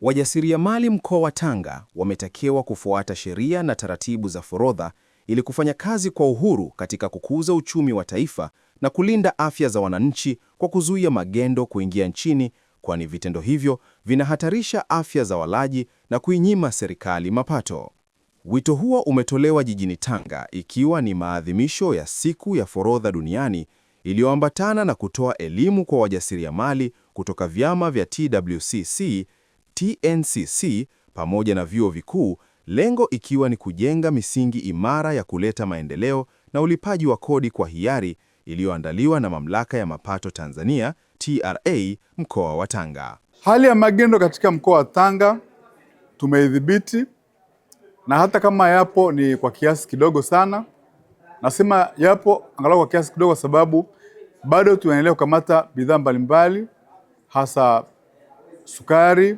Wajasiriamali mkoa wa Tanga wametakiwa kufuata sheria na taratibu za forodha ili kufanya kazi kwa uhuru katika kukuza uchumi wa taifa na kulinda afya za wananchi kwa kuzuia magendo kuingia nchini, kwani vitendo hivyo vinahatarisha afya za walaji na kuinyima serikali mapato. Wito huo umetolewa jijini Tanga ikiwa ni maadhimisho ya Siku ya Forodha Duniani iliyoambatana na kutoa elimu kwa wajasiriamali kutoka vyama vya TWCC TNCC pamoja na vyuo vikuu, lengo ikiwa ni kujenga misingi imara ya kuleta maendeleo na ulipaji wa kodi kwa hiari iliyoandaliwa na Mamlaka ya Mapato Tanzania TRA mkoa wa Tanga. Hali ya magendo katika mkoa wa Tanga tumeidhibiti, na hata kama yapo ni kwa kiasi kidogo sana. Nasema yapo angalau kwa kiasi kidogo, kwa sababu bado tunaendelea kukamata bidhaa mbalimbali hasa sukari,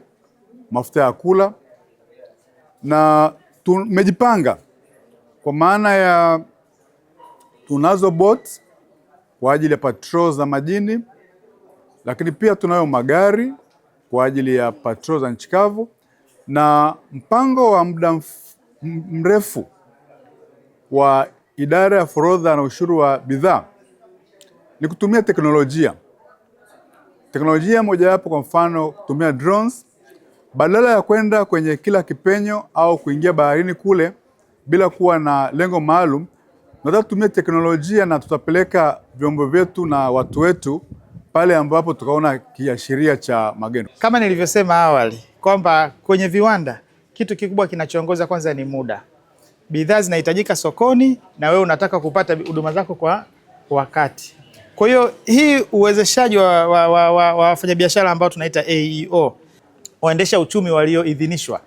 mafuta ya kula, na tumejipanga kwa maana ya tunazo bot kwa ajili ya patrol za majini, lakini pia tunayo magari kwa ajili ya patrol za nchi kavu, na mpango wa muda mrefu wa idara ya forodha na ushuru wa bidhaa ni kutumia teknolojia. Teknolojia mojawapo kwa mfano kutumia drones badala ya kwenda kwenye kila kipenyo au kuingia baharini kule bila kuwa na lengo maalum, tunataka tutumie teknolojia na tutapeleka vyombo vyetu na watu wetu pale ambapo tukaona kiashiria cha magendo. Kama nilivyosema awali kwamba kwenye viwanda kitu kikubwa kinachoongoza kwanza ni muda. Bidhaa zinahitajika sokoni na wewe unataka kupata huduma zako kwa wakati. Kwa hiyo hii uwezeshaji wa wafanyabiashara wa, wa, wa ambao tunaita AEO waendesha uchumi walioidhinishwa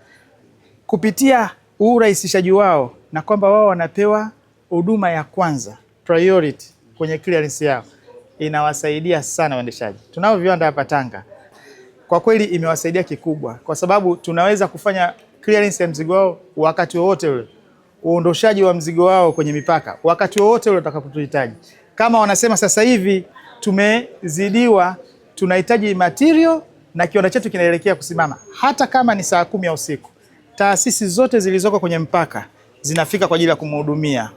kupitia huu urahisishaji wao, na kwamba wao wanapewa huduma ya kwanza priority kwenye clearance yao, inawasaidia sana waendeshaji. Tunao viwanda hapa Tanga, kwa kweli imewasaidia kikubwa, kwa sababu tunaweza kufanya clearance ya mzigo wao wakati wowote ule, uondoshaji wa mzigo wao kwenye mipaka wakati wowote ule utakapotuhitaji. Kama wanasema sasa hivi tumezidiwa, tunahitaji material na kiwanda chetu kinaelekea kusimama, hata kama ni saa kumi ya usiku, taasisi zote zilizoko kwenye mpaka zinafika kwa ajili ya kumhudumia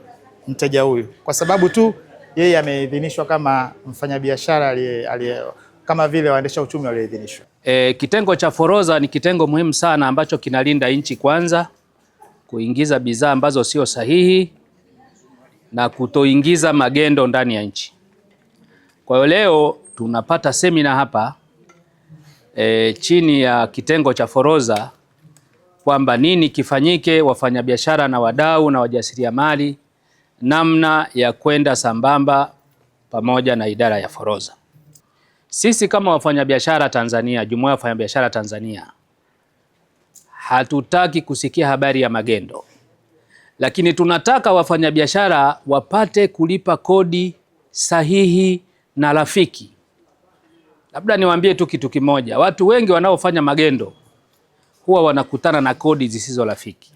mteja huyu, kwa sababu tu yeye ameidhinishwa kama mfanyabiashara aliye kama vile waendesha uchumi walioidhinishwa. E, kitengo cha forodha ni kitengo muhimu sana ambacho kinalinda nchi kwanza, kuingiza bidhaa ambazo sio sahihi na kutoingiza magendo ndani ya nchi. Kwa hiyo leo tunapata semina hapa e, chini ya kitengo cha forodha kwamba nini kifanyike, wafanyabiashara na wadau na wajasiriamali, namna ya kwenda sambamba pamoja na idara ya forodha. Sisi kama wafanyabiashara Tanzania, jumuiya ya wafanyabiashara Tanzania, hatutaki kusikia habari ya magendo, lakini tunataka wafanyabiashara wapate kulipa kodi sahihi na rafiki Labda niwaambie tu kitu kimoja, watu wengi wanaofanya magendo huwa wanakutana na kodi zisizo rafiki.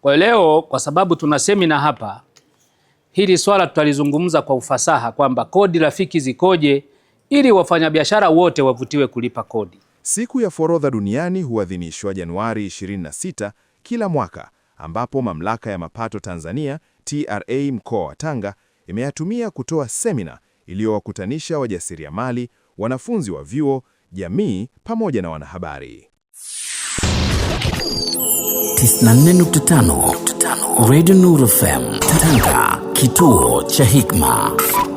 Kwa leo, kwa sababu tuna semina hapa, hili swala tutalizungumza kwa ufasaha kwamba kodi rafiki zikoje ili wafanyabiashara wote wavutiwe kulipa kodi. Siku ya forodha duniani huadhinishwa Januari 26 kila mwaka, ambapo mamlaka ya mapato Tanzania TRA mkoa wa Tanga imeyatumia kutoa semina iliyowakutanisha wajasiriamali wanafunzi wa vyuo, jamii pamoja na wanahabari. 94.5 Radio Nuru FM Tanga, kituo cha hikma.